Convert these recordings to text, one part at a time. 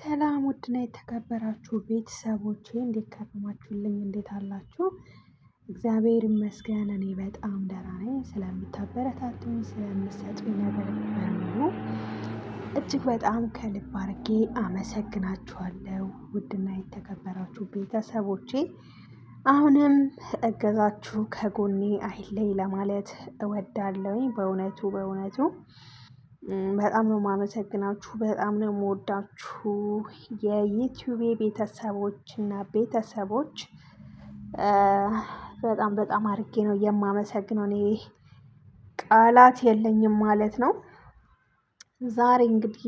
ሰላም ውድና የተከበራችሁ ቤተሰቦቼ እንዴት ከረማችሁልኝ? እንዴት አላችሁ? እግዚአብሔር ይመስገን እኔ በጣም ደህና ነኝ። ስለምታበረታቱኝ ስለምሰጡኝ ነገር በሙሉ እጅግ በጣም ከልብ አድርጌ አመሰግናችኋለሁ። ውድና የተከበራችሁ ቤተሰቦቼ አሁንም እገዛችሁ ከጎኔ አይለይ ለማለት እወዳለሁኝ። በእውነቱ በእውነቱ በጣም ነው የማመሰግናችሁ፣ በጣም ነው የምወዳችሁ የዩቲዩቤ ቤተሰቦች እና ቤተሰቦች በጣም በጣም አድርጌ ነው የማመሰግነው። እኔ ቃላት የለኝም ማለት ነው። ዛሬ እንግዲህ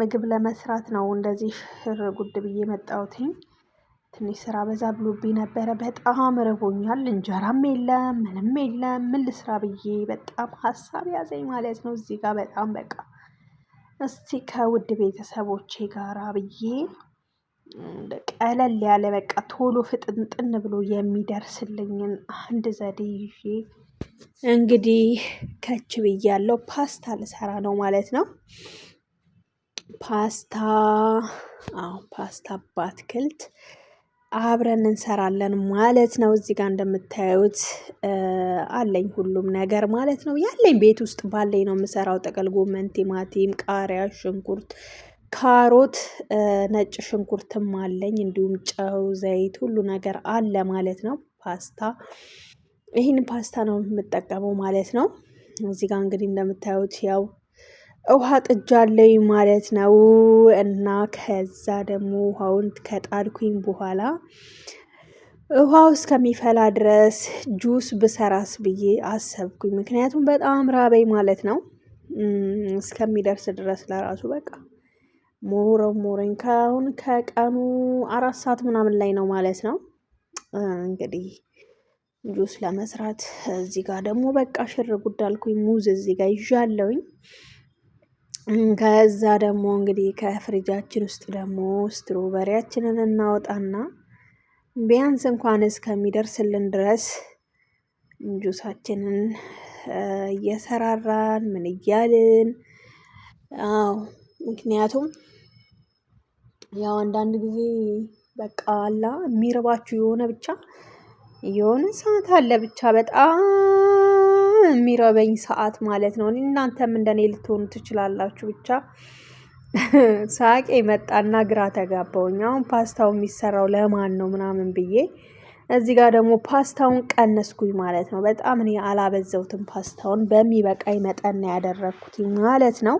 ምግብ ለመስራት ነው እንደዚህ ሽር ጉድ ብዬ መጣሁትኝ። ትንሽ ስራ በዛ ብሎብኝ ነበረ። በጣም ርቦኛል። እንጀራም የለም ምንም የለም። ምን ልስራ ብዬ በጣም ሀሳብ ያዘኝ ማለት ነው። እዚህ ጋር በጣም በቃ እስቲ ከውድ ቤተሰቦቼ ጋር ብዬ ቀለል ያለ በቃ ቶሎ ፍጥንጥን ብሎ የሚደርስልኝን አንድ ዘዴ ይዤ እንግዲህ ከች ብያለው። ፓስታ ልሰራ ነው ማለት ነው። ፓስታ አዎ ፓስታ በአትክልት አብረን እንሰራለን ማለት ነው። እዚህ ጋር እንደምታዩት አለኝ ሁሉም ነገር ማለት ነው። ያለኝ ቤት ውስጥ ባለኝ ነው የምሰራው። ጥቅል ጎመን፣ ቲማቲም፣ ቃሪያ፣ ሽንኩርት፣ ካሮት፣ ነጭ ሽንኩርትም አለኝ እንዲሁም ጨው፣ ዘይት ሁሉ ነገር አለ ማለት ነው። ፓስታ ይህን ፓስታ ነው የምጠቀመው ማለት ነው። እዚህ ጋር እንግዲህ እንደምታዩት ያው ውሃ ጥጃለኝ ማለት ነው። እና ከዛ ደግሞ ውሃውን ከጣድኩኝ በኋላ ውሃው እስከሚፈላ ድረስ ጁስ ብሰራስ ብዬ አሰብኩኝ። ምክንያቱም በጣም ራበኝ ማለት ነው። እስከሚደርስ ድረስ ለራሱ በቃ ሞረው ሞረኝ። ከአሁን ከቀኑ አራት ሰዓት ምናምን ላይ ነው ማለት ነው። እንግዲህ ጁስ ለመስራት እዚህ ጋር ደግሞ በቃ ሽር ጉዳልኩኝ። ሙዝ እዚህ ጋር ይዣለውኝ። ከዛ ደግሞ እንግዲህ ከፍሪጃችን ውስጥ ደግሞ ስትሮበሪያችንን እናወጣና ቢያንስ እንኳን እስከሚደርስልን ድረስ ጁሳችንን እየሰራራን ምን እያልን አዎ፣ ምክንያቱም ያው አንዳንድ ጊዜ በቃ አላ የሚርባችሁ የሆነ ብቻ የሆነ ሰዓት አለ ብቻ በጣም የሚረበኝ ሰዓት ማለት ነው። እናንተም እንደኔ ልትሆኑ ትችላላችሁ። ብቻ ሳቄ መጣና ግራ ተጋባውኝ። አሁን ፓስታው የሚሰራው ለማን ነው ምናምን ብዬ እዚህ ጋር ደግሞ ፓስታውን ቀነስኩኝ ማለት ነው። በጣም እኔ አላበዛሁትም። ፓስታውን በሚበቃኝ መጠን ያደረግኩት ማለት ነው።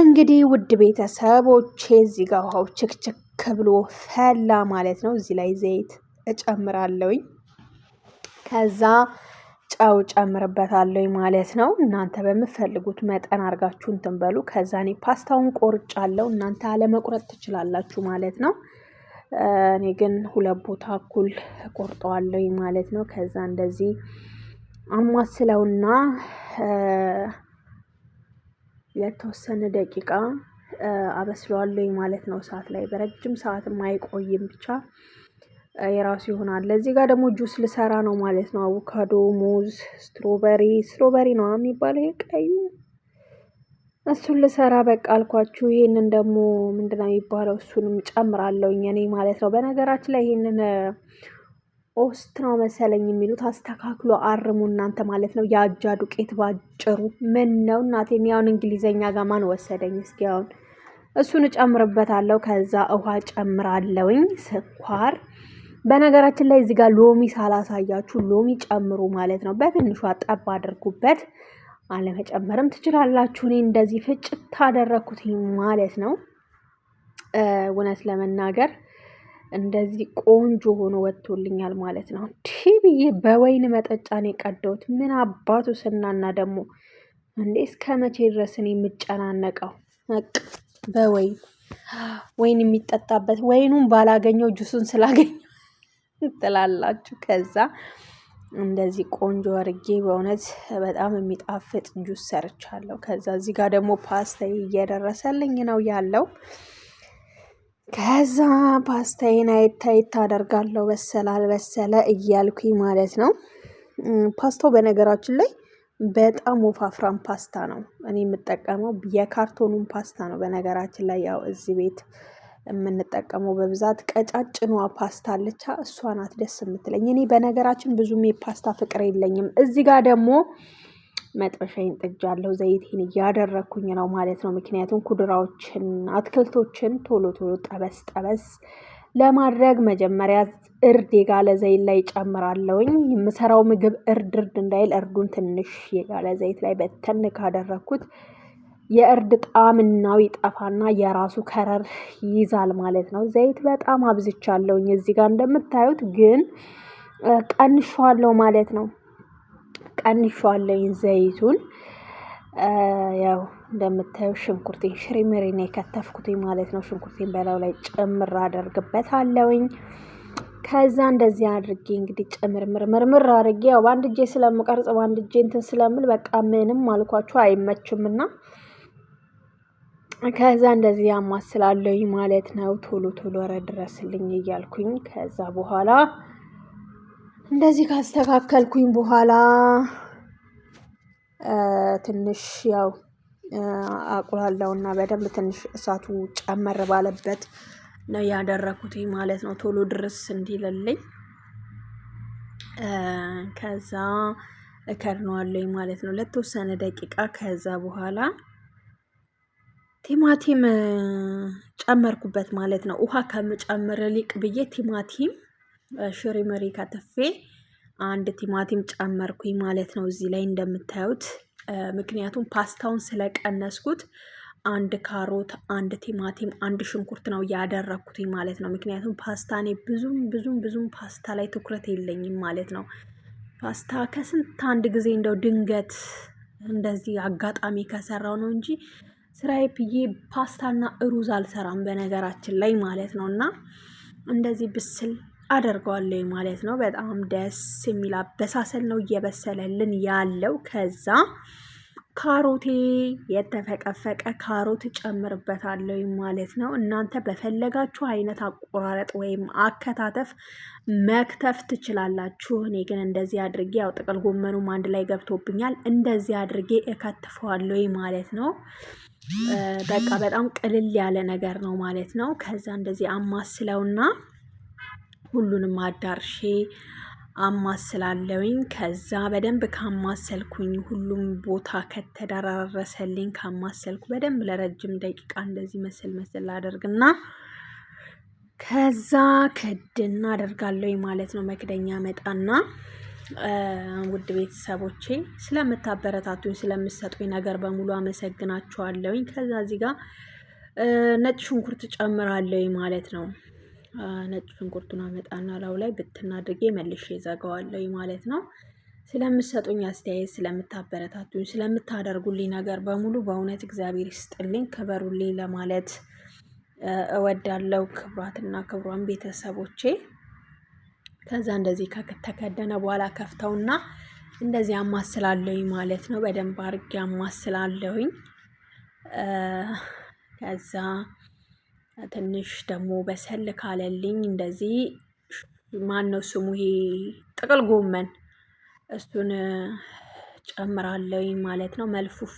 እንግዲህ ውድ ቤተሰቦቼ እዚህ ጋር ውሃው ችክችክ ብሎ ፈላ ማለት ነው። እዚህ ላይ ዘይት እጨምራለሁኝ ከዛ ጨው ጨምርበታለሁ ማለት ነው። እናንተ በምትፈልጉት መጠን አድርጋችሁ እንትን በሉ። ከዛ እኔ ፓስታውን ቆርጫለሁ። እናንተ አለመቁረጥ ትችላላችሁ ማለት ነው። እኔ ግን ሁለት ቦታ እኩል ቆርጠዋለሁ ማለት ነው። ከዛ እንደዚህ አማስለውና ለተወሰነ ደቂቃ አበስለዋለሁ ማለት ነው። እሳት ላይ በረጅም ሰዓትም አይቆይም ብቻ የራሱ ይሆናል። ለዚህ ጋር ደግሞ ጁስ ልሰራ ነው ማለት ነው። አቮካዶ፣ ሙዝ፣ ስትሮበሪ ስትሮበሪ ነው የሚባለው ቀዩ እሱን ልሰራ በቃ አልኳችሁ። ይሄንን ደግሞ ምንድነው የሚባለው እሱንም ጨምራለሁ እኔ ማለት ነው። በነገራችን ላይ ይሄንን ኦስት ነው መሰለኝ የሚሉት አስተካክሎ አርሙ እናንተ ማለት ነው። የአጃ ዱቄት ባጭሩ ምን ነው እናቴን ያሁን እንግሊዘኛ ጋማን ወሰደኝ? እስኪ አሁን እሱን እጨምርበታለሁ። ከዛ ውሃ ጨምራለውኝ ስኳር በነገራችን ላይ እዚህ ጋር ሎሚ ሳላሳያችሁ ሎሚ ጨምሩ ማለት ነው። በትንሿ ጠብ አድርጉበት። አለመጨመርም ትችላላችሁ። እኔ እንደዚህ ፍጭት አደረግኩት ማለት ነው። እውነት ለመናገር እንደዚህ ቆንጆ ሆኖ ወጥቶልኛል ማለት ነው። ቲብዬ በወይን መጠጫ ነው የቀደውት። ምን አባቱ ስናና ደግሞ እንዴ! እስከ መቼ ድረስ እኔ የምጨናነቀው? በወይን ወይን የሚጠጣበት ወይኑን ባላገኘው ጁሱን ስላገኘው ትላላችሁ። ከዛ እንደዚህ ቆንጆ አርጌ በእውነት በጣም የሚጣፍጥ ጁስ ሰርቻለሁ። ከዛ እዚህ ጋር ደግሞ ፓስታ እየደረሰልኝ ነው ያለው። ከዛ ፓስታዬን አይት አይት አደርጋለሁ በሰለ አልበሰለ እያልኩኝ ማለት ነው። ፓስታው በነገራችን ላይ በጣም ወፋፍራም ፓስታ ነው እኔ የምጠቀመው፣ የካርቶኑን ፓስታ ነው በነገራችን ላይ ያው እዚህ ቤት የምንጠቀመው በብዛት ቀጫጭኗ ፓስታ አለቻ፣ እሷ ናት ደስ የምትለኝ። እኔ በነገራችን ብዙም የፓስታ ፍቅር የለኝም። እዚህ ጋር ደግሞ መጥበሻዬን ጥጃለሁ። ዘይቴን እያደረግኩኝ ነው ማለት ነው። ምክንያቱም ኩድራዎችን፣ አትክልቶችን ቶሎ ቶሎ ጠበስ ጠበስ ለማድረግ መጀመሪያ እርድ የጋለ ዘይት ላይ ጨምራለውኝ። የምሰራው ምግብ እርድ እርድ እንዳይል እርዱን ትንሽ የጋለ ዘይት ላይ በተን ካደረግኩት የእርድ ጣዕምናው ይጠፋና የራሱ ከረር ይይዛል ማለት ነው። ዘይት በጣም አብዝቻለሁኝ እዚህ ጋር እንደምታዩት ግን ቀንሿለሁ ማለት ነው። ቀንሿለሁኝ ዘይቱን ያው እንደምታዩ ሽንኩርቴን ሽሪምሪን ነው የከተፍኩትኝ ማለት ነው። ሽንኩርቴን በላዩ ላይ ጭምር አለውኝ። ከዛ እንደዚህ አድርጌ እንግዲህ ጭምር ምርምርምር አድርጌ ያው በአንድ እጄ ስለምቀርጽ በአንድ እጄ እንትን ስለምል በቃ ምንም አልኳችሁ እና ከዛ እንደዚህ ያማስላለኝ ማለት ነው። ቶሎ ቶሎ ኧረ ድረስልኝ እያልኩኝ ከዛ በኋላ እንደዚህ ካስተካከልኩኝ በኋላ ትንሽ ያው አቁላለው እና በደንብ ትንሽ እሳቱ ጨመር ባለበት ነው ያደረኩት ማለት ነው። ቶሎ ድረስ እንዲልልኝ። ከዛ እከድነዋለኝ ማለት ነው ለተወሰነ ደቂቃ ከዛ በኋላ ቲማቲም ጨመርኩበት ማለት ነው። ውሃ ከምጨምር ሊቅ ብዬ ቲማቲም ሽሪ መሪ ከተፌ አንድ ቲማቲም ጨመርኩኝ ማለት ነው እዚህ ላይ እንደምታዩት። ምክንያቱም ፓስታውን ስለቀነስኩት አንድ ካሮት፣ አንድ ቲማቲም፣ አንድ ሽንኩርት ነው ያደረግኩትኝ ማለት ነው። ምክንያቱም ፓስታ እኔ ብዙም ብዙም ብዙም ፓስታ ላይ ትኩረት የለኝም ማለት ነው። ፓስታ ከስንት አንድ ጊዜ እንደው ድንገት እንደዚህ አጋጣሚ ከሰራው ነው እንጂ ስራዬ ብዬ ፓስታና ሩዝ አልሰራም በነገራችን ላይ ማለት ነው። እና እንደዚህ ብስል አደርገዋለሁ ማለት ነው። በጣም ደስ የሚል አበሳሰል ነው እየበሰለልን ያለው ከዛ ካሮቴ የተፈቀፈቀ ካሮት ጨምርበታለሁ ማለት ነው። እናንተ በፈለጋችሁ አይነት አቆራረጥ ወይም አከታተፍ መክተፍ ትችላላችሁ። እኔ ግን እንደዚህ አድርጌ ያው ጥቅል ጎመኑም አንድ ላይ ገብቶብኛል። እንደዚህ አድርጌ እከትፈዋለሁ ማለት ነው። በቃ በጣም ቅልል ያለ ነገር ነው ማለት ነው። ከዛ እንደዚህ አማስለውና ሁሉንም አዳርሼ አማስላለውኝ ከዛ በደንብ ካማሰልኩኝ ሁሉም ቦታ ከተደራረሰልኝ ካማሰልኩ በደንብ ለረጅም ደቂቃ እንደዚህ መስል መስል አደርግና ከዛ ክድን አደርጋለሁኝ ማለት ነው። መክደኛ መጣና ውድ ቤተሰቦቼ ስለምታበረታቱኝ ስለምሰጡኝ ነገር በሙሉ አመሰግናችኋለሁኝ። ከዛ እዚህ ጋር ነጭ ሽንኩርት ጨምራለሁኝ ማለት ነው። ነጭ ሽንኩርቱን አመጣና ላው ላይ ብትና አድርጌ መልሼ ዘጋዋለሁ ማለት ነው። ስለምሰጡኝ አስተያየት፣ ስለምታበረታቱኝ፣ ስለምታደርጉልኝ ነገር በሙሉ በእውነት እግዚአብሔር ይስጥልኝ፣ ክበሩልኝ ለማለት እወዳለሁ። ክብሯትና ክብሯን ቤተሰቦቼ። ከዛ እንደዚህ ከተከደነ በኋላ ከፍተውና እንደዚህ አማስላለሁኝ ማለት ነው። በደንብ አድርጌ አማስላለሁኝ ከዛ ትንሽ ደግሞ በሰል ካለልኝ እንደዚህ ማነው ስሙ ይሄ ጥቅል ጎመን እሱን ጨምራለሁኝ ማለት ነው። መልፉፍ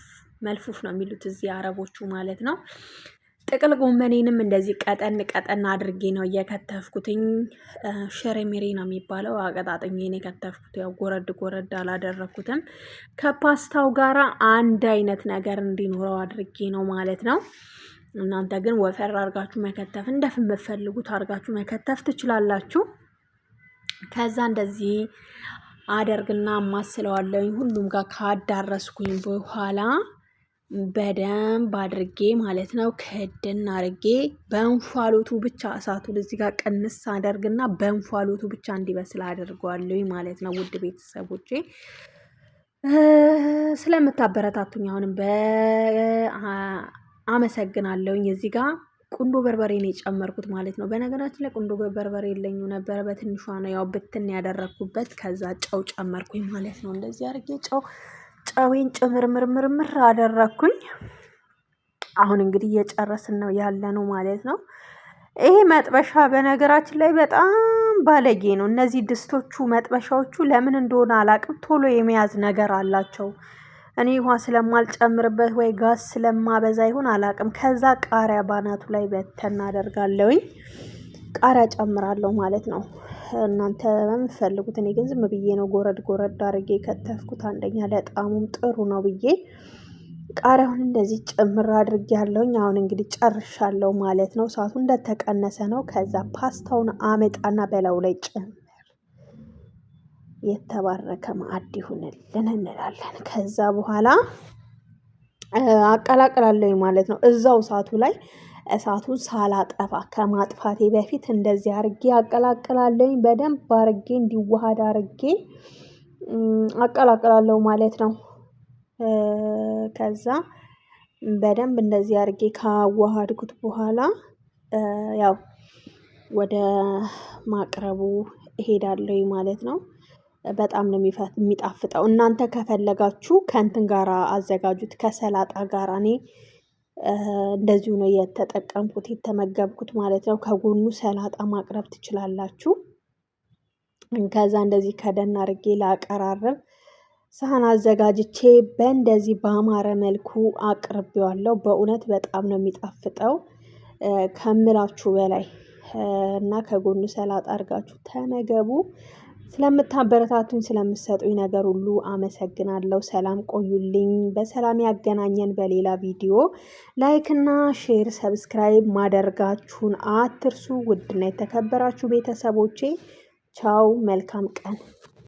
መልፉፍ ነው የሚሉት እዚህ አረቦቹ ማለት ነው። ጥቅል ጎመኔንም እንደዚህ ቀጠን ቀጠን አድርጌ ነው እየከተፍኩትኝ። ሸሬሜሬ ነው የሚባለው አቀጣጥኜ የከተፍኩት። ያው ጎረድ ጎረድ አላደረኩትም። ከፓስታው ጋራ አንድ አይነት ነገር እንዲኖረው አድርጌ ነው ማለት ነው። እናንተ ግን ወፈር አርጋችሁ መከተፍ እንደፍ እንደምትፈልጉት አርጋችሁ መከተፍ ትችላላችሁ። ከዛ እንደዚህ አደርግና ማስለዋለሁኝ ሁሉም ጋር ካዳረስኩኝ በኋላ በደንብ አድርጌ ማለት ነው ክድን አድርጌ በእንፋሎቱ ብቻ እሳቱን እዚህ ጋር ቀንስ አደርግና በእንፋሎቱ ብቻ እንዲበስል አደርገዋለሁኝ ማለት ነው። ውድ ቤተሰቦቼ ስለምታበረታቱኝ አሁንም በ አመሰግናለሁኝ። እዚህ ጋ ቁንዶ በርበሬ ነው የጨመርኩት ማለት ነው። በነገራችን ላይ ቁንዶ በርበሬ የለኝ ነበረ፣ በትንሿ ነው ያው ብትን ያደረግኩበት። ከዛ ጨው ጨመርኩኝ ማለት ነው። እንደዚህ አድርጌ ጨው ጨዌን ጭምርምርምርምር አደረግኩኝ። አሁን እንግዲህ እየጨረስን ነው ያለ ነው ማለት ነው። ይሄ መጥበሻ በነገራችን ላይ በጣም ባለጌ ነው። እነዚህ ድስቶቹ መጥበሻዎቹ ለምን እንደሆነ አላቅም፣ ቶሎ የመያዝ ነገር አላቸው። እኔ ውሃ ስለማልጨምርበት ወይ ጋዝ ስለማበዛ ይሁን አላቅም ከዛ ቃሪያ ባናቱ ላይ በተና አደርጋለሁኝ። ቃሪያ ጨምራለሁ ማለት ነው። እናንተ በምትፈልጉት። እኔ ግን ዝም ብዬ ነው ጎረድ ጎረድ አድርጌ ከተፍኩት። አንደኛ ለጣሙም ጥሩ ነው ብዬ ቃሪያውን እንደዚህ ጭምር አድርጌያለሁኝ። አሁን እንግዲህ ጨርሻለሁ ማለት ነው። ሰዓቱ እንደተቀነሰ ነው። ከዛ ፓስታውን አመጣና በላዩ ላይ ጭምር የተባረከ ማዕድ ይሁንልን እንላለን። ከዛ በኋላ አቀላቅላለሁኝ ማለት ነው። እዛው እሳቱ ላይ እሳቱን ሳላጠፋ ከማጥፋቴ በፊት እንደዚህ አርጌ አቀላቅላለሁኝ። በደንብ አርጌ እንዲዋሃድ አርጌ አቀላቅላለሁ ማለት ነው። ከዛ በደንብ እንደዚህ አርጌ ካዋሃድኩት በኋላ ያው ወደ ማቅረቡ እሄዳለሁኝ ማለት ነው። በጣም ነው የሚጣፍጠው። እናንተ ከፈለጋችሁ ከእንትን ጋር አዘጋጁት ከሰላጣ ጋር። እኔ እንደዚሁ ነው የተጠቀምኩት የተመገብኩት ማለት ነው። ከጎኑ ሰላጣ ማቅረብ ትችላላችሁ። ከዛ እንደዚህ ከደን አድርጌ ላቀራርብ ሳህን አዘጋጅቼ በእንደዚህ በአማረ መልኩ አቅርቤዋለሁ። በእውነት በጣም ነው የሚጣፍጠው ከምላችሁ በላይ እና ከጎኑ ሰላጣ አድርጋችሁ ተመገቡ። ስለምታበረታቱኝ ስለምሰጡኝ ነገር ሁሉ አመሰግናለሁ። ሰላም ቆዩልኝ። በሰላም ያገናኘን። በሌላ ቪዲዮ ላይክና ሼር፣ ሰብስክራይብ ማደርጋችሁን አትርሱ። ውድና የተከበራችሁ ቤተሰቦቼ ቻው፣ መልካም ቀን